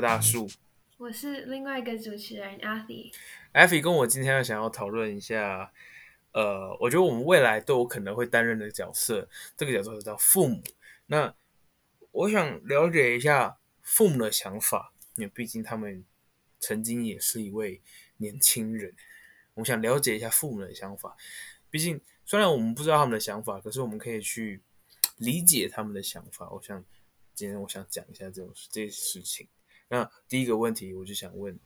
大、嗯、樹，我是另外一個主持人 Athie。Athie 跟我今天要想要討論一下，呃，我覺得我們未來都有可能會擔任的角色，這個角色是叫父母。那我想了解一下父母的想法，因為畢竟他們曾經也是一位年輕人。我想了解一下父母的想法，畢竟雖然我們不知道他們的想法，可是我們可以去理解他們的想法。我想今天我想講一下這種這些事情。那第一個問題我就想問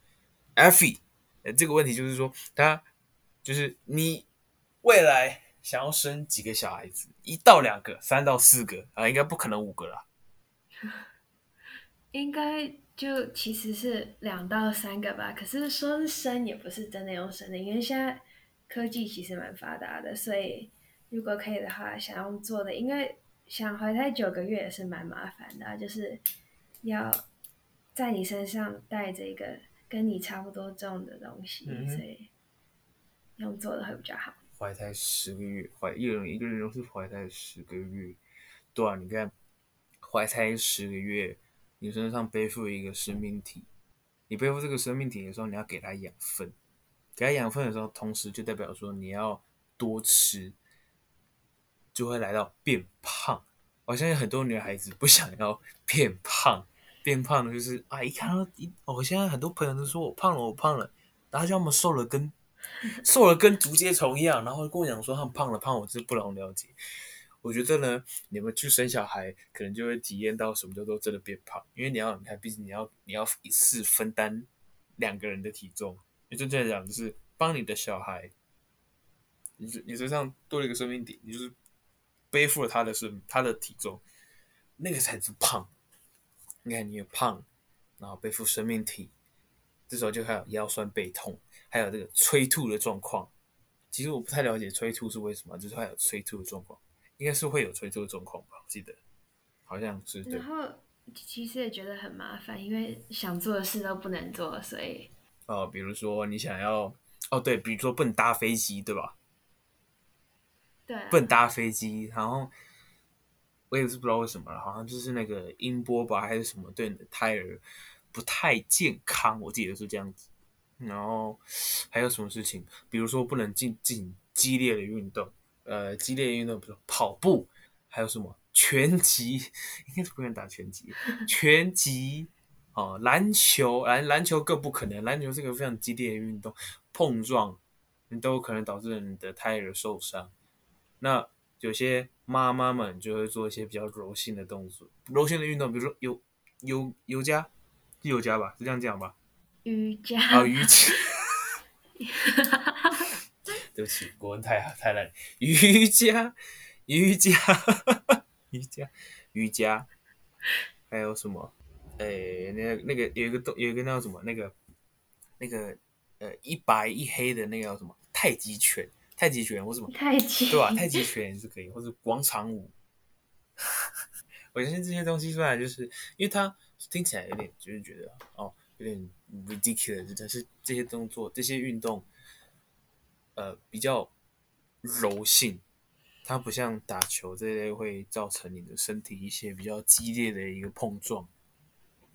，Athie，呃，這個問題就是說，他就是你未來想要生幾個小孩子？一到兩個，三到四個啊、呃，應該不可能五個啦。應該就其實是兩到三個吧。可是說是生也不是真的要生的，因為現在科技其實蠻發達的，所以如果可以的話，想要做的，應該想懷胎九個月也是蠻麻煩的，就是要。在你身上帶着一個跟你差不多重的東西，嗯、所以用做的會比較好。懷胎十個月，懷一人一個人都是懷胎十個月，對啊，你看懷胎十個月，你身上背負一個生命體，你背負這個生命體的時候，你要給它養分，給它養分的時候，同時就代表說你要多吃，就會來到變胖。我相信很多女孩子不想要變胖。變胖了，就是啊，一看到哦，我現在很多朋友都說我胖了，我胖了，然後他們瘦了跟瘦了跟竹節蟲一樣，然後跟我講說他們胖了胖，我就是不能了解。我覺得呢，你們去生小孩可能就會體驗到什麼叫做真的變胖，因為你要你看，畢竟你要你要一次分擔兩個人的體重，你真正講就是幫你的小孩，你你身上多了一個生命點，你就是背負了他的生，他的體重，那個才是胖。你看，你有胖，然後背負生命體，這時候就還有腰酸背痛，還有這個催吐的狀況。其實我不太了解催吐是為什麼，就是還有催吐的狀況，應該是會有催吐的狀況吧？我記得好像是。對，然後其實也覺得很麻煩，因為想做的事都不能做，所以哦，比如說你想要哦，對，比如說不能搭飛機，對吧？對、啊，不能搭飛機，然後。我也是不知道為什麼，好像就是那個音波吧，還是什麼，對你的胎兒不太健康，我記得是這樣子。然後還有什麼事情？比如說不能進進行激烈的運動，呃，激烈的運動，比如說跑步，還有什麼拳擊，應該是不能打拳擊，拳擊哦，籃球，籃籃球更不可能，籃球是個非常激烈的運動，碰撞，都可能導致你的胎兒受傷。那有些媽媽們就會做一些比較柔性的動作，柔性的運動，比如說有有有家，有家吧，就這樣講吧。瑜伽啊，瑜伽。哦，瑜伽。 對不起，國文太太難。瑜伽，瑜伽，瑜伽，瑜伽。還有什麼？哎，那個那個、那個有一個動，有一個那什麼？那個那個呃，一白一黑的那個叫什麼？太極拳。太極拳，或什麼太極？對吧？太極拳也是可以，或者廣場舞。 我相信這些東西出來，就是因為它聽起來有點，就是覺得哦，有點 ridiculous。但是這些動作、這些運動，呃，比較柔性，它不像打球這類會造成你的身體一些比較激烈的一個碰撞。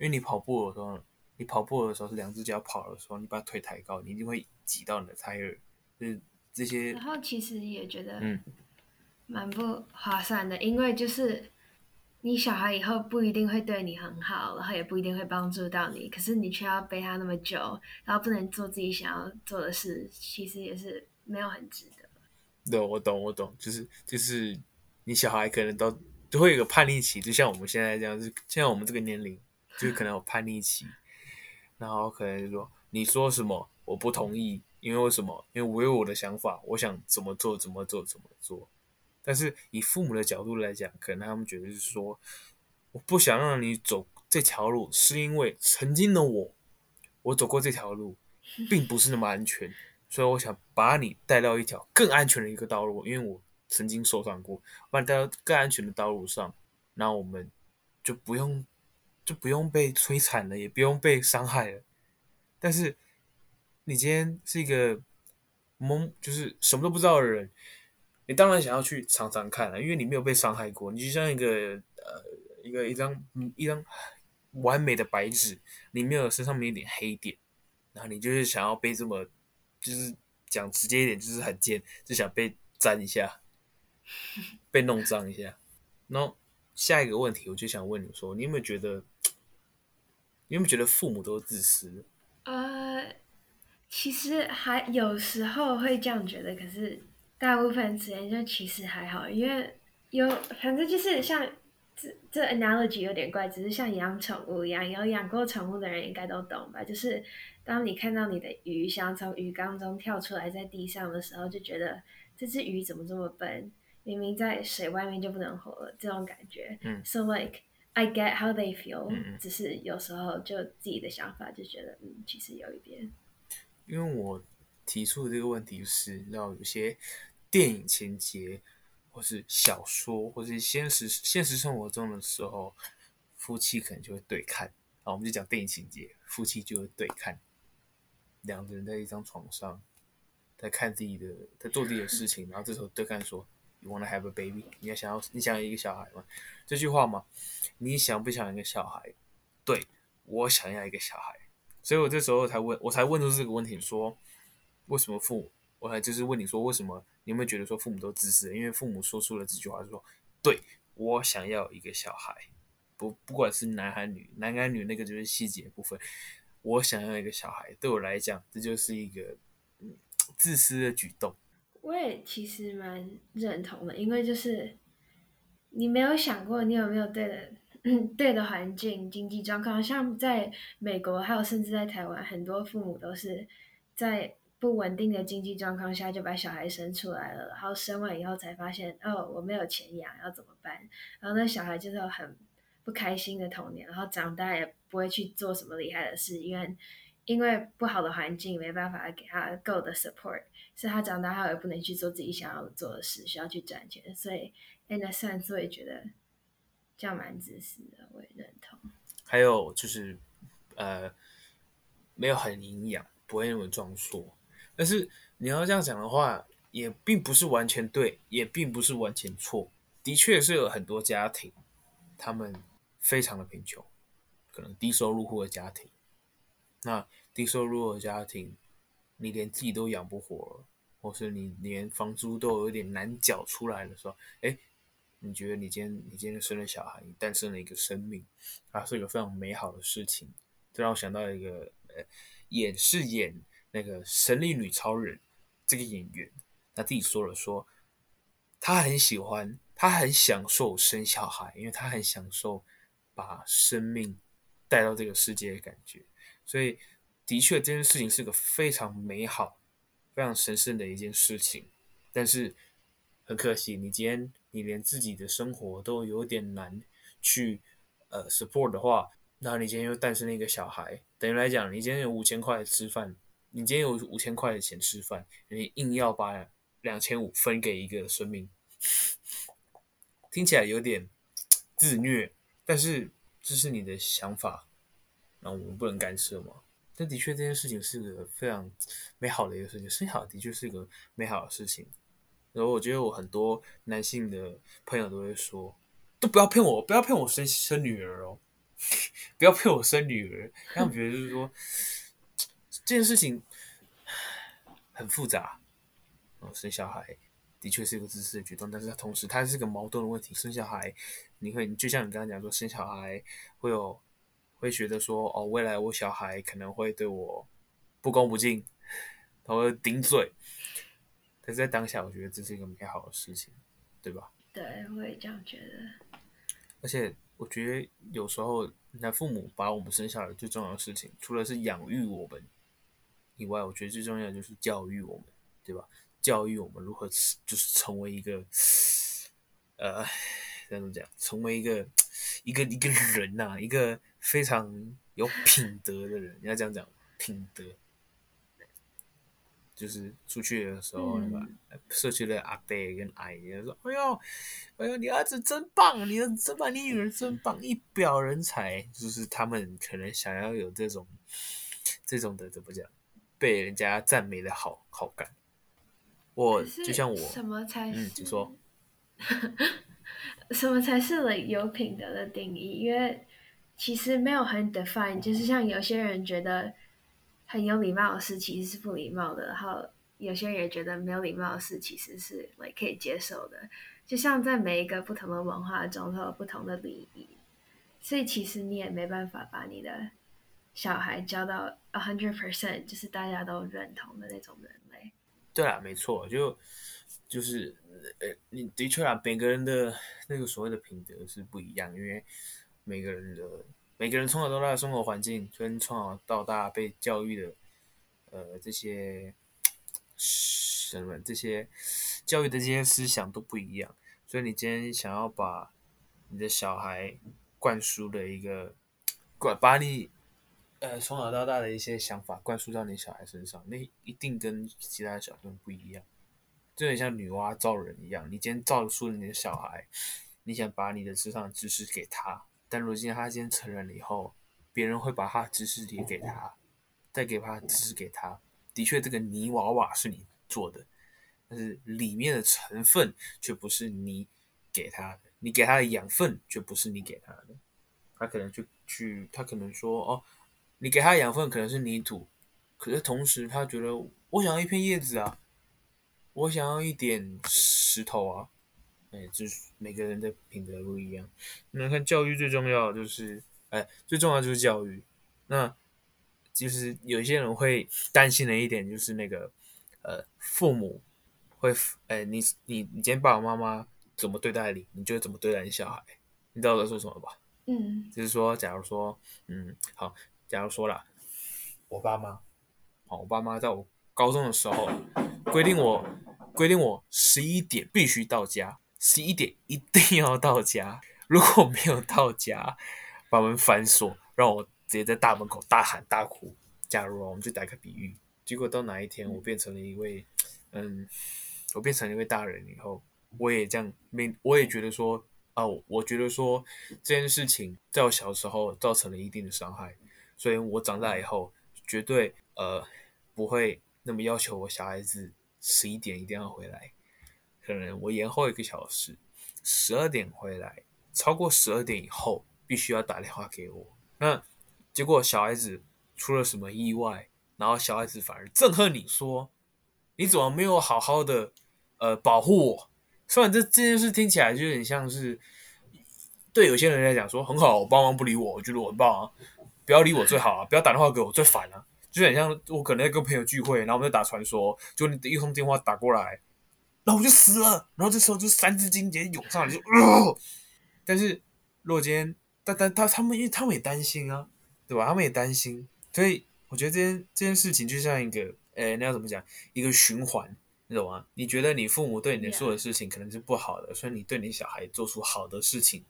因為你跑步的時候，你跑步的時候是兩只腳跑的時候，你把腿抬高，你一定會擠到你的胎兒，就是。這些然後其實也覺得，蠻不划算的，嗯，因為就是你小孩以後不一定會對你很好，然後也不一定會幫助到你，可是你卻要背他那麼久，然後不能做自己想要做的事，其實也是沒有很值得。對，我懂，我懂，就是就是你小孩可能都，就會有個叛逆期，就像我們現在這樣，現在像我們這個年齡，就是、可能有叛逆期， 然後可能就說你說什麼我不同意。因為為什麼？因為我有我的想法，我想怎麼做怎麼做怎麼做。但是以父母的角度來講，可能他們覺得是說，我不想讓你走這條路，是因為曾經的我，我走過這條路，並不是那麼安全，所以我想把你帶到一條更安全的一個道路。因為我曾經受傷過，把你帶到更安全的道路上，那我們就不用就不用被摧殘了，也不用被傷害了。但是。你今天是一個懵，就是什麼都不知道的人，你當然想要去嘗嘗看了，因為你沒有被傷害過，你就像一個呃一個一張一張完美的白紙，你沒有身上沒有一點黑點，然後你就是想要被這麼，就是講直接一點，就是很賤，就想被沾一下，被弄髒一下。然後下一個問題，我就想問你說，你有沒有覺得，你有沒有覺得父母都是自私的？呃、uh...。其實還有時候會這樣覺得，可是大部分時間就其實還好，因為有反正就是像這這 analogy 有點怪，只是像養寵物一樣，有養過寵物的人應該都懂吧？就是當你看到你的魚想從魚缸中跳出來，在地上的時候，就覺得這隻魚怎麼這麼笨？明明在水外面就不能活了，這種感覺。嗯。So like I get how they feel，嗯，只是有時候就自己的想法就覺得，嗯，其實有一點。因為我提出的這個問題是，你知道有些電影情節，或是小說，或是現實現實生活中的時候，夫妻可能就會對看。啊，我們就講電影情節，夫妻就會對看，兩個人在一張床上，在看自己的，在做自己的事情，然後這時候對看說：“You wanna have a baby？” 你要想要，你想要一個小孩嗎？這句話嘛，你想不想要一個小孩？對，我想要一個小孩。所以我這時候才問，我才問出這個問題說，說為什麼父母，我還就是問你說為什麼你有沒有覺得說父母都自私？因為父母說出了這句話，就說對，我想要一個小孩，不不管是男還女，男還女那個就是細節部分，我想要一個小孩，對我來講這就是一個自私的舉動。我也其實蠻認同的，因為就是你沒有想過，你有沒有對的。嗯、對的環境、經濟狀況，像在美國，還有甚至在台灣，很多父母都是在不穩定的經濟狀況下就把小孩生出來了，然後生完以後才發現，哦，我沒有錢養，要怎麼辦？然後那小孩就是很不開心的童年，然後長大也不會去做什麼厲害的事，因為因為不好的環境沒辦法給他夠的 support，所以他長大後也不能去做自己想要做的事，需要去賺錢，所以，in a sense 也覺得。這樣蠻自私的，我也認同。還有就是，呃，沒有很營養，不會那麼壯碩。但是你要這樣講的話，也並不是完全對，也並不是完全錯。的確是有很多家庭，他們非常的貧窮，可能低收入戶的家庭。那低收入的家庭，你連自己都養不活了，或是你連房租都有點難繳出來的時候，欸你覺得你今天你今天生了小孩，你誕生了一個生命，啊，是一個非常美好的事情。這讓我想到一個呃，演飾演那個神力女超人這個演員，他自己說了說，說他很喜歡，他很享受生小孩，因為他很享受把生命帶到這個世界的感覺。所以，的確這件事情是個非常美好、非常神聖的一件事情。但是，很可惜，你今天。你連自己的生活都有點難去呃 support 的話，那你今天又誕生了一個小孩，等於來講，你今天有五千塊吃飯，你今天有五千塊的錢吃飯，你硬要把兩千五分給一個生命，聽起來有點自虐，但是這是你的想法，那我們不能干涉嘛？但的確，這件事情是個非常美好的一個事情，生小孩的確是一個美好的事情。然後我覺得我很多男性的朋友都會說，都不要騙我，不要騙我生生女兒哦， 不要騙我生女兒。他們覺得就是說 這件事情很複雜。哦，生小孩的確是一個自私的舉動，但是同時它是一個矛盾的問題。生小孩，你會就像你剛剛講說，生小孩會有會覺得說，哦，未來我小孩可能會對我不恭不敬，他會頂嘴。可是，在當下，我覺得這是一個美好的事情，對吧？對，我也這樣覺得。而且，我覺得有時候，人家父母把我們生下來最重要的事情，除了是養育我們以外，我覺得最重要的就是教育我們，對吧？教育我們如何，就是成為一個，呃，這樣怎麼講，成為一個一個一個人吶、啊，一個非常有品德的人。 你要這樣講，品德。就是出去的時候，那、嗯、個社區的阿伯跟阿姨就說：“哎呦，哎呦，你兒子真棒，你真棒，你女兒真棒，一表人才。”就是他們可能想要有這種，這種的怎麼講，被人家讚美的好好感。我就像我什麼才是嗯，就說， 什麼才是有品德的定義？因為其實沒有很 define，就是像有些人覺得。很有禮貌的事其實是不禮貌的，然後有些人也覺得沒有禮貌的事其實是也、like、可以接受的。就像在每一個不同的文化中都有不同的禮儀，所以其實你也沒辦法把你的小孩教到 a hundred percent，就是大家都認同的那種人類。對啊，沒錯，就就是呃，你的確啊，每個人的那個所謂的品德是不一樣，因為每個人的。每個人從小到大的生活環境跟從小到大被教育的，呃，這些什麼這些教育的這些思想都不一樣，所以你今天想要把你的小孩灌輸的一個，灌把你呃從小到大的一些想法灌輸到你小孩身上，那一定跟其他小生不一樣，就很像女媧造人一樣，你今天造出了你的小孩，你想把你的身上的知識給他。但如今他今天成人了以後，別人會把他知識給給他，再給他知識給他的。的確，這個泥娃娃是你做的，但是裡面的成分卻不是你給他的，你給他的養分卻不是你給他的。他可能就去，他可能說：“哦，你給他的養分可能是泥土，可是同時他覺得我想要一片葉子啊，我想要一點石頭啊。”就是每個人的品德不一樣。你們看，教育最重要的就是，哎，最重要就是教育。那其實、就是、有一些人會擔心的一點就是那個，呃，父母會，哎，你你你今天爸爸媽媽怎麼對待你，你就怎麼對待你小孩。你知道我在說什麼吧？嗯，就是說，假如說，嗯，好，假如說啦，我爸媽，好，我爸媽在我高中的時候規定我規定我十一點必須到家。十一點一定要到家，如果沒有到家，把門反鎖，讓我直接在大門口大喊大哭。假如哦，我們就打個比喻，結果到哪一天我變成了一位嗯，嗯，我變成了一位大人以後，我也這樣，沒我也覺得說啊，我覺得說這件事情在我小時候造成了一定的傷害，所以我長大以後絕對呃不會那麼要求我小孩子十一點一定要回來。可能我延後一個小時，十二點回來，超過十二點以後必須要打電話給我。那結果小孩子出了什麼意外，然後小孩子反而憎恨你說，你怎麼沒有好好的呃保護我？雖然這這件事聽起來就有點像是對有些人來講說很好，我爸媽不理我，就是、我覺得我爸媽不要理我最好啊，不要打電話給我最煩了、啊。就很像我可能跟朋友聚會，然後我們就打傳說，就你一通電話打過來。然後我就死了，然後這時候就三字經直接湧上來，就、呃 但，但是，若間，但但他他們，因為他們也擔心啊，對吧？他們也擔心，所以我覺得這件這件事情就像一個，誒，那要怎麼講？一個循環，你懂嗎？你覺得你父母對你做的事情可能是不好的，yeah. 所以你對你小孩做出好的事情，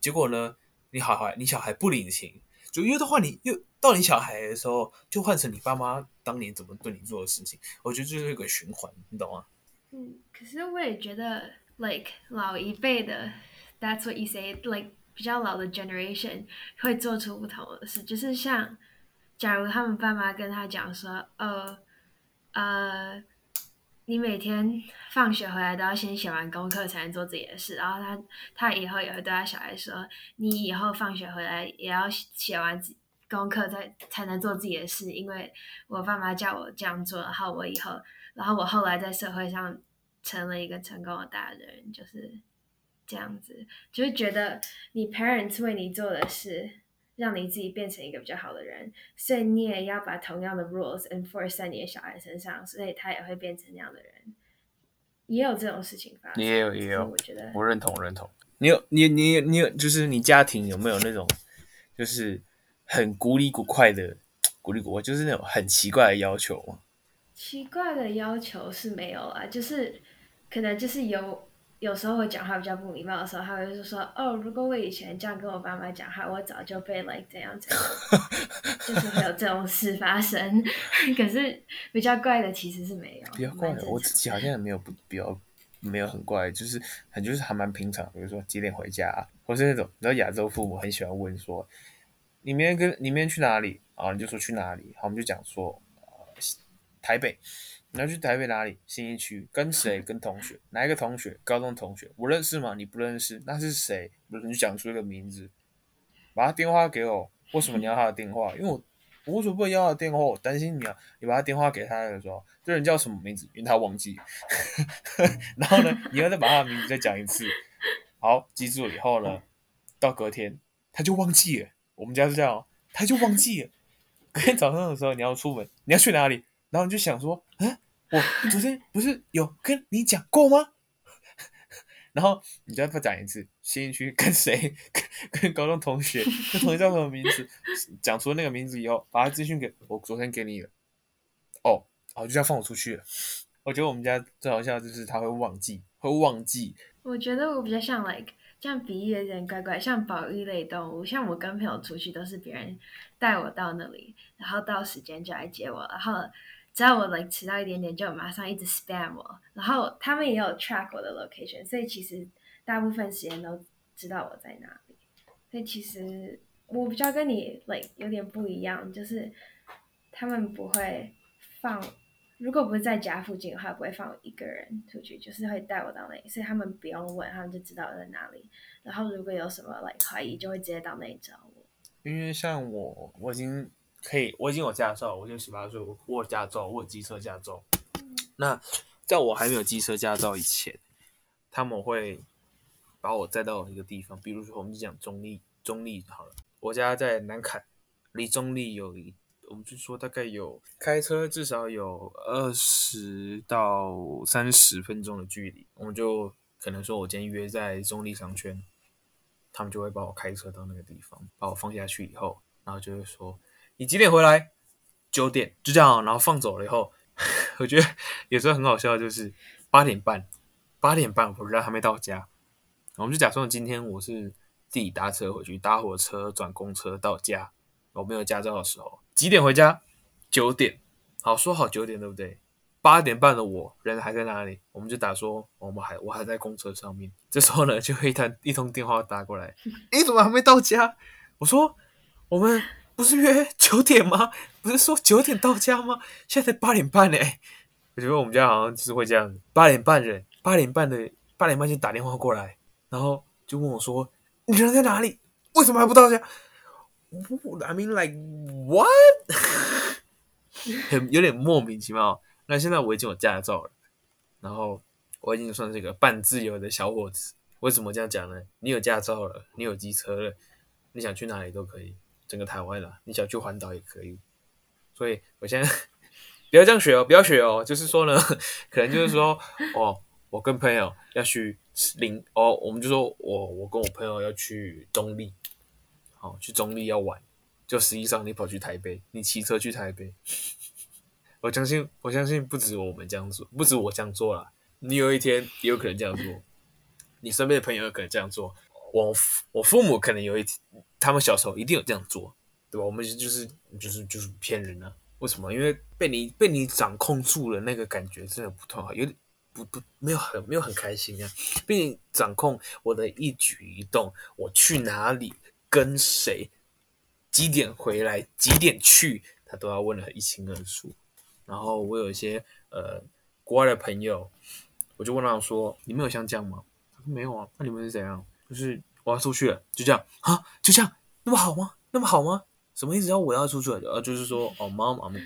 結果呢，你好好，你小孩不領情，就又的話你，你又到你小孩的時候，就換成你爸媽當年怎麼對你做的事情，我覺得這是一個循環，你懂嗎？嗯，可是我也覺得，like 老一輩的，that's what you say，like 比較老的 generation 會做出不同的事，就是像，假如他們爸媽跟他講說，哦，呃，你每天放學回來都要先寫完功課才能做自己的事，然後他他以後也會對他小孩說，你以後放學回來也要寫寫完功課再才能做自己的事，因為我爸媽叫我這樣做，然後我以後，然後我後來在社會上。成了一個成功的大人就是這樣子，就是覺得你 parents 為你做的事，讓你自己變成一個比較好的人，所以你也要把同樣的 rules enforce 在你的小孩身上，所以他也會變成那樣的人。也有這種事情吧？也有、嗯、也有，我覺得我認同我認同。你有你你你有，就是你家庭有沒有那種，就是很古裡古怪的古裡古怪就是那種很奇怪的要求嗎？奇怪的要求是沒有啊，就是。可能就是有有時候我講話比較不禮貌的時候，他會就是說：“哦，如果我以前這樣跟我爸媽講話，我早就被 like 這樣子。 就是會有這種事發生。可是比較怪的其實是沒有。比較怪的，的我自己好像也沒有不比較沒有很怪，就是很就是還蠻平常。比如說幾點回家，啊，或是那種，你知道亞洲父母很喜歡問說：“你明天跟你明天去哪裡？”啊，哦，你就說去哪裡。好，我們就講說呃台北。你要去台北哪裡？信義區跟誰？跟同學？哪一個同學？高中同學？我認識嗎？你不認識？那是誰？比如你講出一個名字，把他電話給我。為什麼你要他的電話？因為我無所不要他的電話，我擔心你啊。你把他電話給他的時候，這人叫什麼名字？因為他忘記。 然後呢，你要再把他的名字再講一次。好，記住了以後呢，到隔天他就忘記了。我們家是這樣、哦，他就忘記了。隔天早上的時候你要出門，你要去哪裡？然後你就想說，我昨天不是有跟你講過嗎？ 然後你再再講一次，先去跟誰？跟跟高中同學，跟同學叫什麼名字？講 出那個名字以後，把他資訊給我。昨天給你了哦，好、oh, oh,，就這樣放我出去了。我覺得我們家最好笑就是他會忘記，會忘記。我覺得我比較像 like 像比翼有點，乖乖像保育類動物。像我跟朋友出去都是別人帶我到那裡，然後到時間就來接我，然後。只要我 l、like, 遲到一點點，就馬上一直 spam 我，然後他們也有 track 我的 location，所以其實大部分時間都知道我在哪裡。所以其實我比較跟你 like 有點不一樣，就是他們不會放，如果不是在家附近的話，不會放我一個人出去，就是會帶我到那裡，所以他們不用問，他們就知道我在哪裡。然後如果有什麼 like 懷疑，就會直接到那裡找我。因為像我，我已經。可以，我已經有駕照，我已經十八歲，我有駕照，我有機車駕照。那在我還沒有機車駕照以前，他們會把我載到一個地方，比如說我們就講中壢，中壢好了，我家在南崁，離中壢有一，我們就說大概有開車至少有二十到三十分鐘的距離，我們就可能說我今天約在中壢商圈，他們就會把我開車到那個地方，把我放下去以後，然後就會說。你幾點回來？九點就這樣，然後放走了以後， 我覺得有時候很好笑，就是八點半，八點半，我人還沒到家，我們就假裝今天我是自己搭車回去，搭火車轉公車到家。我沒有駕照的時候，幾點回家？九點。好，說好九點，對不對？八點半的我人還在那裡？我們就打說我們還我還在公車上面。這時候呢，就會一通一通電話打過來，你、 欸、怎麼還沒到家？我說我們。不是約九點嗎？不是說九點到家嗎？現在八點半嘞。我覺得我們家好像就是會這樣，八點半的，八點半的，八點半就打電話過來，然後就問我說：“你人在哪裡？為什麼還不到家？”I mean, like what？很 有點莫名其妙。那現在我已經有駕照了，然後我已經算是一個半自由的小伙子。為什麼這樣講呢？你有駕照了，你有機車了，你想去哪裡都可以。整個台灣了，你想去環島也可以，所以我現在不要這樣學哦，不要學哦。就是說呢，可能就是說哦，我跟朋友要去林哦，我們就說我我跟我朋友要去中壢，好、哦、去中壢要玩，就實際上你跑去台北，你騎車去台北，我相信我相信不止我們這樣做，不止我這樣做啦，你有一天也有可能這樣做，你身邊的朋友也有可能這樣做。我我父母可能有一，他們小時候一定有這樣做，對吧？我們就是就是就是就是騙人啊。為什麼？因為被你被你掌控住了，那個感覺真的不同，有點不不沒有很沒有很開心啊。被你掌控我的一舉一動，我去哪裡，跟誰，幾點回來，幾點去，他都要問的一清二楚。然後我有一些呃國外的朋友，我就問他說：“你們有像這樣嗎？”他說：“沒有啊，那你們是怎樣？”就是我要出去了，就這樣啊，就這樣，那麼好嗎？那麼好嗎？什麼意思？要我要出去了，呃，就是說，哦，Mom，I'm,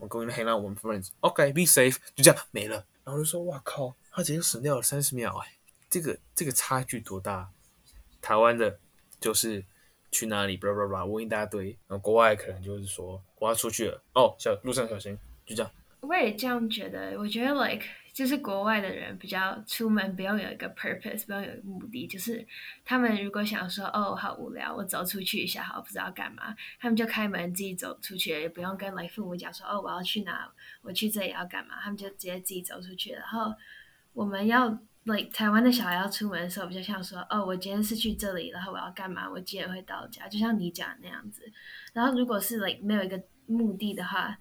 I'm going to hang out with my friends，OK，be safe，就這樣沒了。然後我就說，哇靠，他直接省掉了三十秒，哎，這個這個差距多大？台灣的，就是去哪裡，bla bla bla 問一大堆，然後國外可能就是說，我要出去了，哦，小路上小心，就這樣。我也這樣覺得，我覺得 like。就是國外的人比較出門不用有一個 purpose，不用有一個目的，就是他們如果想說哦好無聊，我走出去一下好，不知道要幹嘛，他們就開門自己走出去，也不用跟 like 父母講說哦我要去哪，我去這裡要幹嘛，他們就直接自己走出去。然後我們要 like 台灣的小孩要出門的時候，比較像說哦我今天是去這裡，然後我要幹嘛，我幾點會到家，就像你講的那樣子。然後如果是 like 沒有一個目的的話，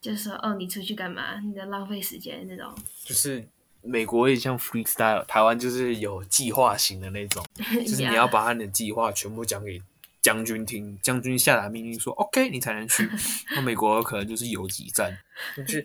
就說哦，你出去幹嘛？你在浪費時間那種。就是美國也像 freestyle，台灣就是有計劃型的那種， 就是你要把你的計劃全部講給將軍聽，將軍下達命令說 OK，你才能去。 那美國可能就是游擊戰。就 是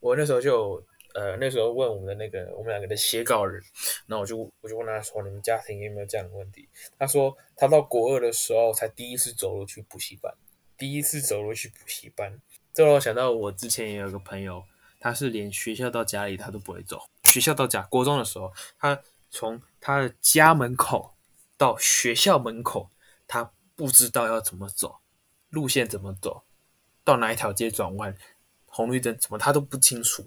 我那時候就呃，那時候問我們的那個，我們兩個的寫稿人，然後我就我就問他說，你們家庭有沒有這樣的問題？他說他到國二的時候才第一次走路去補習班，第一次走路去補習班。就我想到，我之前也有個朋友，他是連學校到家裡他都不會走。學校到家，國中的時候，他從他的家門口到學校門口，他不知道要怎麼走，路線怎麼走，到哪一條街轉彎，紅綠燈怎麼，他都不清楚。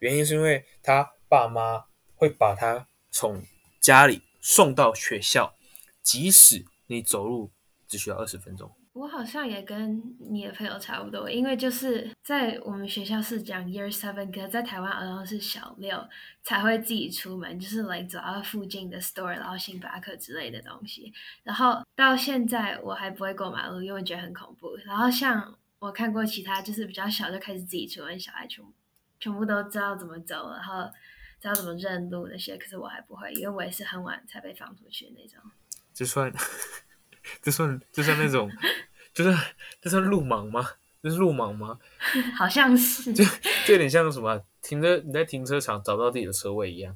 原因是因為他爸媽會把他從家裡送到學校，即使你走路只需要二十分鐘。我好像也跟你的朋友差不多，因為就是在我們學校是講 year seven，可是在台灣然後是小六才會自己出門，就是來走到附近的 store，然後星巴克之類的東西。然後到現在我還不會過馬路，因為覺得很恐怖。然後像我看過其他就是比較小就開始自己出門，小孩，全部，全部都知道怎麼走，然後知道怎麼認路那些。可是我還不會，因為我也是很晚才被放出去的那種。就算。就算就算那種，就算就算路盲嗎？就是路盲嗎？好像是，就就有點像什麼啊，停車，你在停車場找不到自己的車位一樣。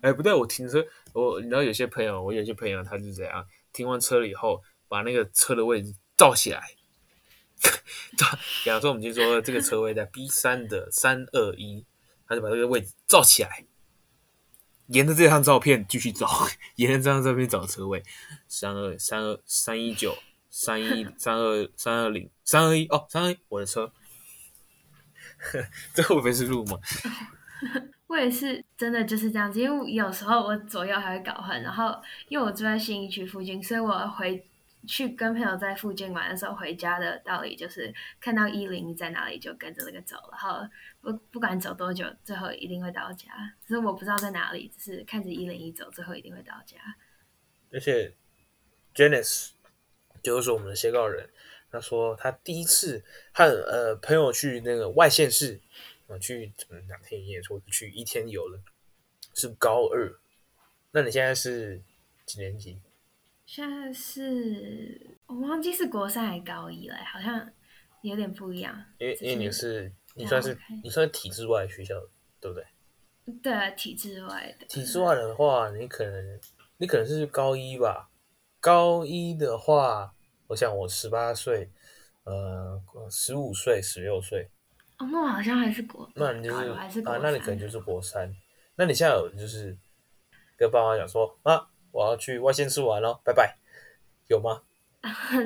哎，不對，我停車，我，你知道有些朋友，我有些朋友他就這樣，停完車以後把那個車的位置照起來。照，比方說我們就說這個車位在 B 三的三二一，他就把這個位置照起來。沿着這張照片繼續找，沿着這張照片找車位。三二三二三一九三一三二三二零三二一哦，三二一我的車， 這會不會是路嗎？我也是真的就是這樣子，因為有時候我左右還會搞混。然後，因為我住在信義區附近，所以我回。去跟朋友在附近玩的時候，回家的道理就是看到一零一在哪裡就跟着那個走了，哈，不不管走多久，最後一定會到家。只是我不知道在哪裡，只是看着一零一走，最後一定會到家。而且 Janice 就是說，我們的寫稿人，他說他第一次和呃朋友去那個外縣市，我去，嗯，兩天一夜，或者去一天遊了，是高二。那你現在是幾年級？現在是我忘記是國三還是高一了，好像有點不一樣。因為因為你是你算是，啊 okay，你算是體制外的學校，對不對？對啊，體制外的。體制外的話，你可能你可能是高一吧。高一的話，我想我十八歲，呃，十五歲、十六歲。哦，那我好像還是國，那你，就是，是三啊，那你可能就是國三。那你現在有就是跟爸媽講說啊？我要去外縣市玩咯，拜拜。有嗎？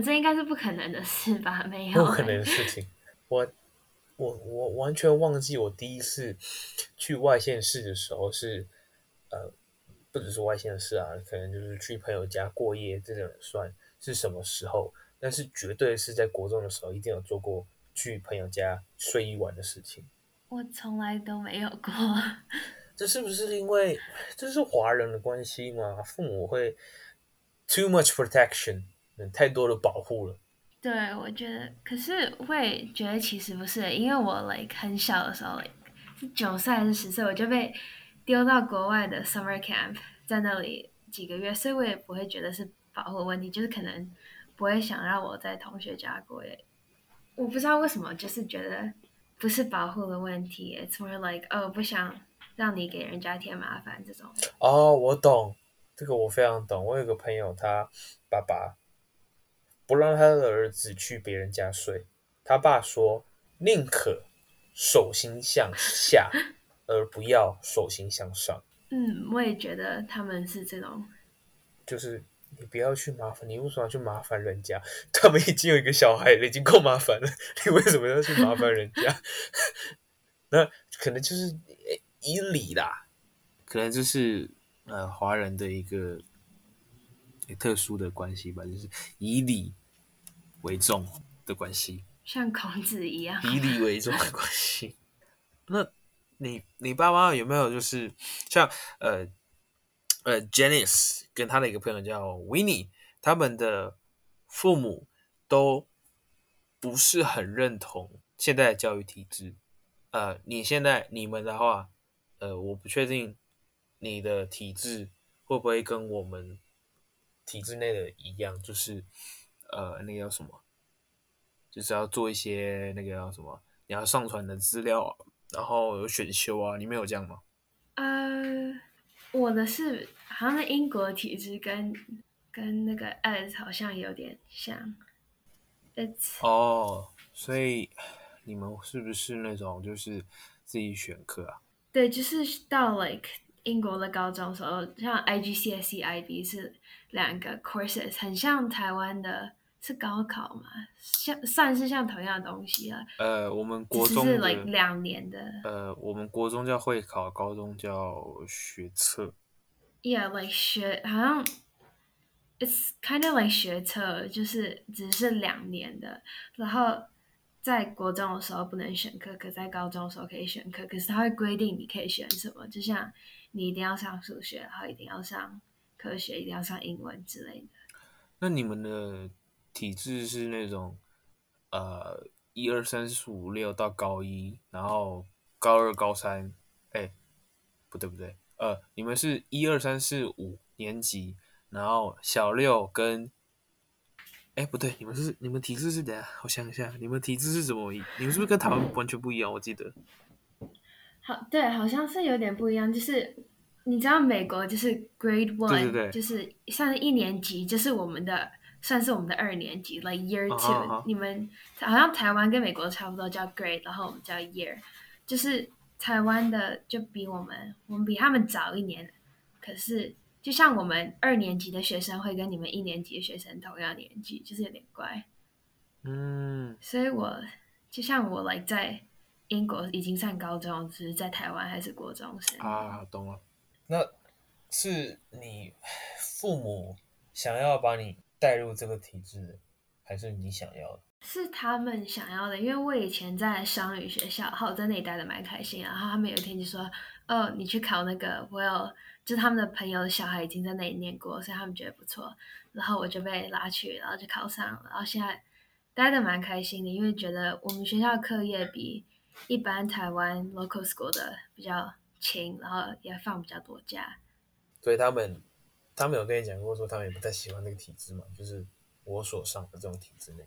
這應該是不可能的事吧？沒有。不可能的事情。我我我完全忘記，我第一次去外縣市的時候是呃，不只是外縣市啊，可能就是去朋友家過夜這種，算是什麼時候？但是絕對是在國中的時候，一定有做過去朋友家睡一晚的事情。我從來都沒有過。這是不是因為這是華人的關係嘛？父母會 too much protection，太多的保護了。對，我覺得，可是會覺得其實不是，因為我 like 很小的時候，是、like, 九歲還是十歲，我就被丟到國外的 summer camp，在那裡幾個月，所以我也不會覺得是保護的問題，就是可能不會想讓我在同學家過夜。我不知道為什麼，我就是覺得不是保護的問題，it's more like 哦、oh,，不想。讓你給人家添麻煩這種哦，oh, 我懂這個，我非常懂。我有個朋友，他爸爸不讓他的兒子去別人家睡。他爸說：“寧可手心向下， 而不要手心向上。 ”嗯，我也覺得他們是這種，就是你不要去麻煩，你為什麼要去麻煩人家？他們已經有一個小孩了，已經夠麻煩了，你為什麼要去麻煩人家？ 那可能就是。以禮啦，可能就是呃華人的一個特殊的關係吧，就是以禮為重的關係，像孔子一樣，以禮為重的關係。 那你你爸媽有沒有就是像呃呃 Janice 跟她的一個朋友叫 Winnie，他們的父母都不是很認同現在的教育體制。呃，你現在你們的話。呃，我不確定你的體制會不會跟我們體制內的一樣，就是呃，那個叫什麼，就是要做一些那個叫什麼，你要上傳的資料啊，然後有選修啊，你沒有這樣嗎？呃，我的是好像英國的體制跟跟那個 S 好像有點像 S 哦，所以你們是不是那種就是自己選課啊？對，就是到 like 英國的高中的時候，像 IGCSE、IB 是兩個 courses，很像台灣的是高考嘛，像算是像同樣的東西了。呃，我們國中是 like 兩年的。呃，我們國中叫會考，高中叫學測。Yeah，like 學好像，it's kind of like 學測，就是只是兩年的，然後。在國中的時候不能選課，可在高中的時候可以選課，可是它會規定你可以選什麼，就像你一定要上數學，然後一定要上科學，一定要上英文之類的。那你們的體制是那種呃，一二三四五六到高一，然後高二、高三，哎，不對不對，呃，你們是一二三四五年級，然後小六跟。哎，不對，你們是你們體制是怎呀，我想一下，你們體制是什麼？你們是不是跟台灣完全不一樣？我記得，好，對，好像是有點不一樣。就是你知道美國就是 grade one，對對對就是上一年級，就是我們的算是我們的二年級，like year two 哦哦哦哦。你們好像台灣跟美國差不多，叫 grade，然後我們叫 year，就是台灣的就比我們，我們比他們早一年，可是。就像我們二年級的學生會跟你們一年級的學生同樣年紀，就是有點怪。嗯，所以我就像我 l、like, 在英國已經上高中，只、就是在台灣還是國中生啊，懂了。那是你父母想要把你帶入這個體制，還是你想要的？是他們想要的，因為我以前在雙語學校，然後我在那裡待的蠻開心，然後他們有一天就說：“哦，你去考那個，我 l 就他們的朋友的小孩已經在那裡念過，所以他們覺得不錯。然後我就被拉去，然後就考上了。然後現在待的蠻開心的，因為覺得我們學校課業比一般台灣 local school 的比較輕，然後也放比較多假。所以他們，他們有跟你講過說他們也不太喜歡那個體制嘛，就是我所上的這種體制內。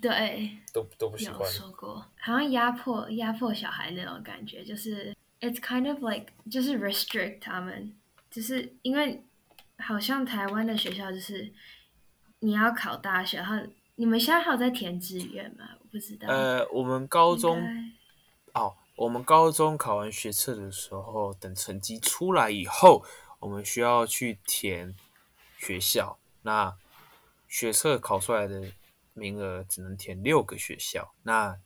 對，都都不喜歡。說過，好像壓迫壓迫小孩那種感覺，就是 it's kind of like 就是 restrict 他們。就是因為好像台灣的學校就是你要考大學，然後你們現在還有在填志願嗎？我不知道。呃，我們高中、okay. 哦，我們高中考完學測的時候，等成績出來以後，我們需要去填學校。那學測考出來的名額只能填六個學校。那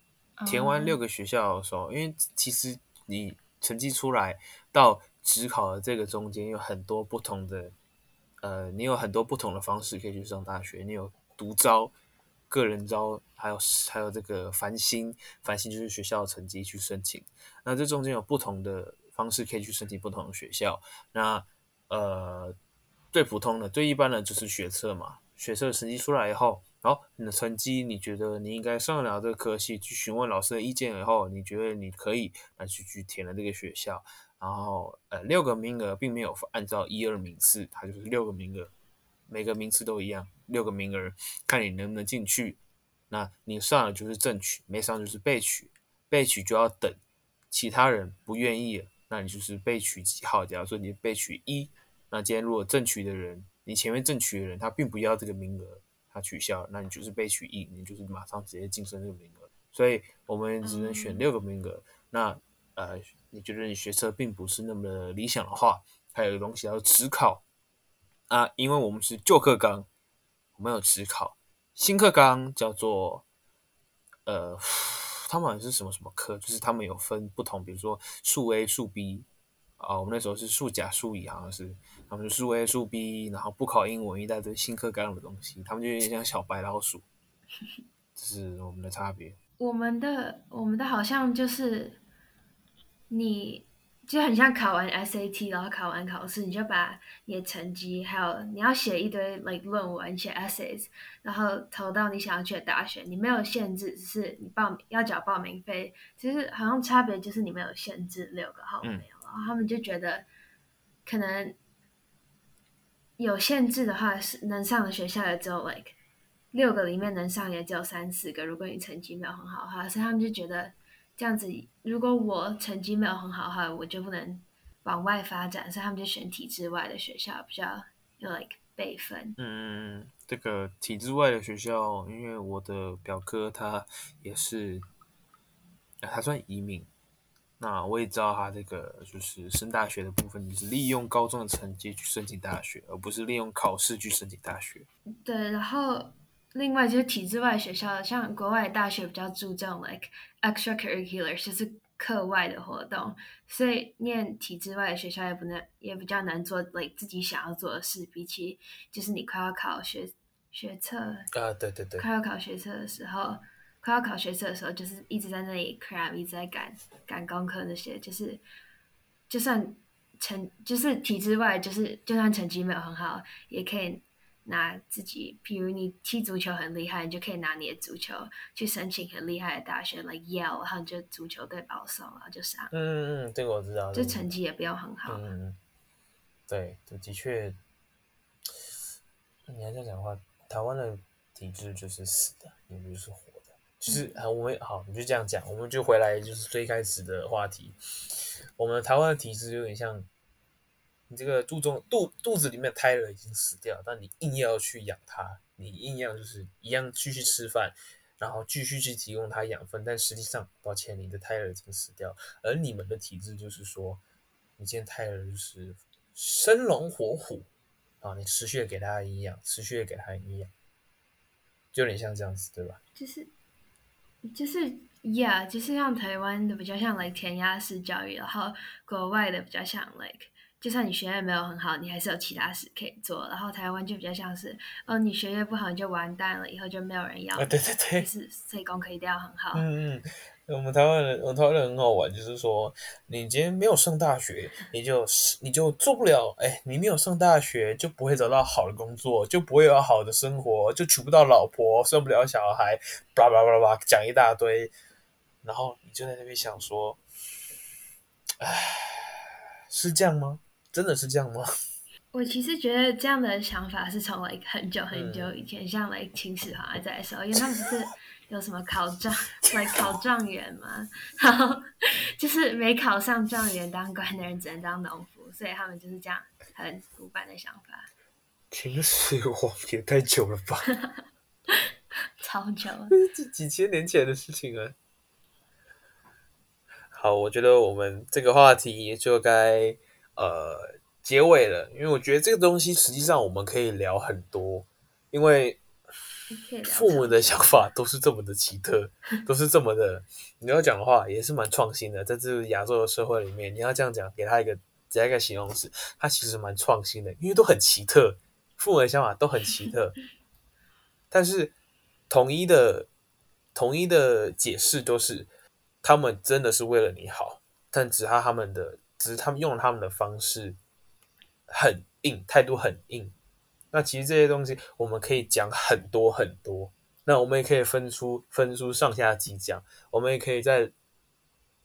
填完六個學校的時候，oh. 因為其實你成績出來到指考的這個中間有很多不同的，呃，你有很多不同的方式可以去上大學。你有獨招、個人招，還有還有這個繁星，繁星就是學校成績去申請。那這中間有不同的方式可以去申請不同的學校。那呃，最普通的、最一般的，就是學測嘛。學測成績出來以後，然後你的成績，你覺得你應該上得了這個科系，去詢問老師的意見以後，你覺得你可以，那去去填了這個學校。然後，呃，六個名額並沒有按照一二名次，它就是六個名額，每個名次都一樣。六個名額，看你能不能進去。那你上了就是正取，沒上就是備取。備取就要等，其他人不願意了，那你就是備取幾號？假如說你備取一，那今天如果正取的人，你前面正取的人他並不要這個名額，他取消，那你就是備取一，你就是馬上直接晉升這個名額。所以我們只能選六個名額。嗯、那。呃，你覺得你學測並不是那麼理想的話，還有一個東西要指考啊，因為我們是舊課綱，我沒有指考。新課綱叫做呃，他們好像是什麼什麼科，就是他們有分不同，比如說數 A、數 B 啊、呃，我們那時候是數甲、數乙，好像是他們就數 A、數 B，然後不考英文一大堆新課綱的東西，他們就有點像小白老鼠，這是我們的差別。我們的我們的好像就是。你就很像考完 SAT，然後考完考試，你就把你的成績，還有你要寫一堆 like 論文寫 essays，然後投到你想要去的大學。你沒有限制，只是你報名要繳報名費。其實好像差別就是你沒有限制六個號碼，然後他們就覺得可能有限制的話，是能上的學校也只有 like 六個裡面能上也只有三四個，如果你成績沒有很好的話，所以他們就覺得。這樣子，如果我成績沒有很好、好的話，我就不能往外發展，所以他們就選體制外的學校，比較 like 備份。嗯，這個體制外的學校，因為我的表哥他也是，他算移民，那我也知道他這個就是升大學的部分，就是利用高中的成績去申請大學，而不是利用考試去申請大學。對，然後。另外就是體制外的學校，像國外的大學比較注重 like extracurricular，就是課外的活動，所以念體制外的學校也不能，也比較難做 like 自己想要做的事。比起就是你快要考學學測啊，uh, 對對對，快要考學測的時候，快要考學測的時候，就是一直在那裡 cram，一直在趕趕功課那些，就是就算成就是體制外，就是就算成績沒有很好，也可以。拿自己，譬如你踢足球很厲害，你就可以拿你的足球去申請很厲害的大學，like Yale，然後就足球隊保送後就是啊。嗯嗯，這個我知道。這成績也不要很好。嗯嗯。對，就的確。你還在講話？台灣的體制就是死的，也就是活的。就是好我們、嗯、好，你就這樣講，我們就回來，就是最開始的話題。我們台灣的體制有點像。你這個肚中肚肚子裡面胎兒已經死掉，但你硬要去養它，你硬要就是一樣繼續吃飯，然後繼續去提供它養分，但實際上，抱歉，你的胎兒已經死掉。而你們的體質就是說，你見胎兒就是生龍活虎啊，你持續的給他營養，持續的給他營養，就有點像這樣子，對吧？就是，就是，yeah，就是像台灣的比較像 like 填鴨式教育，然後國外的比較像 like。就算你學業沒有很好，你還是有其他事可以做。然後台灣就比較像是，哦，你學業不好，你就完蛋了，以後就沒有人要，啊。對對對，是，所以功課一定要很好。嗯嗯，我們台灣人，我們台灣人很好玩，就是說你今天沒有上大學，你就你就做不了。哎，你沒有上大學就不會找到好的工作，就不會有好的生活，就娶不到老婆，生不了小孩，叭叭叭叭講一大堆。然後你就在那邊想說，哎，是這樣嗎？真的是這樣嗎？我其實覺得這樣的想法是從來很久很久以前，嗯、像來秦始皇還在的時候，因為他們不是有什麼考狀，來 考狀元嗎？然後就是沒考上狀元當官的人只能當農夫，所以他們就是這樣很古板的想法。秦始皇也太久了吧？ 超久了，這幾、幾千年前的事情啊！好，我覺得我們這個話題就該。呃，結尾了，因為我覺得這個東西實際上我們可以聊很多，因為父母的想法都是這麼的奇特，都是這麼的。你要講的話也是蠻創新的，在這亞洲的社會裡面，你要這樣講，給他一個加一個形容詞，他其實蠻創新的，因為都很奇特，父母的想法都很奇特，但是統一的、統一的解釋都、就是他們真的是為了你好，但只怕他們的。只是他們用他們的方式，很硬，態度很硬。那其實這些東西我們可以講很多很多。那我們也可以分出分出上下集講，我們也可以再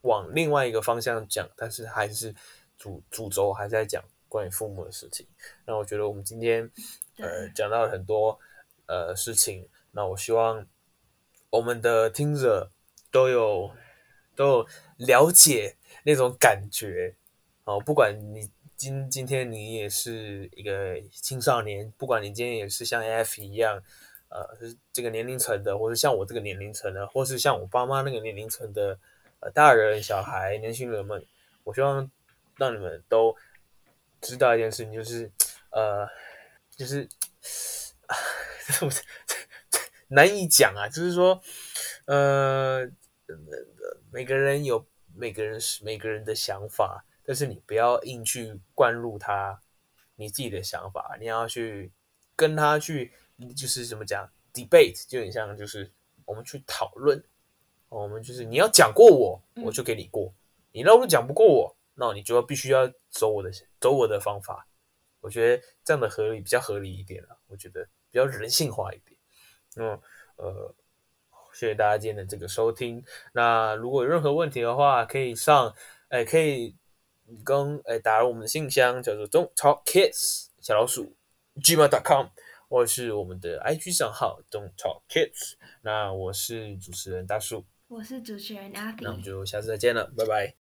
往另外一個方向講。但是還是主主軸還是在講關於父母的事情。那我覺得我們今天呃講到了很多呃事情。那我希望我們的聽者都有都有了解那種感覺。哦，不管你今今天你也是一個青少年，不管你今天也是像 Athie 一樣，呃，是這個年齡層的，或者像我這個年齡層的，或是像我爸媽那個年齡層的，呃，大人、小孩、年輕人們，我希望讓你們都知道一件事情，就是，呃，就是， 這這這難以講啊，就是說，呃，每個人有每個人每個人的想法。就是你不要硬去灌入他你自己的想法，你要去跟他去，就是怎麼講，debate，就很像就是我們去討論，我們就是你要講過我，我就給你過；你要是講不過我，那你就必須要走我的走我的方法。我覺得這樣的合理比較合理一點了，我覺得比較人性化一點。嗯，呃，謝謝大家今天的這個收聽。那如果有任何問題的話，可以上，哎，可以。剛哎，打入我們的信箱叫做“ Don't Talk Kids” 小老鼠，gmail.com，或者是我們的 IG 賬號“ Don't Talk Kids”。那我是主持人大樹，我是主持人 Athie，那我們就下次再見了，拜拜。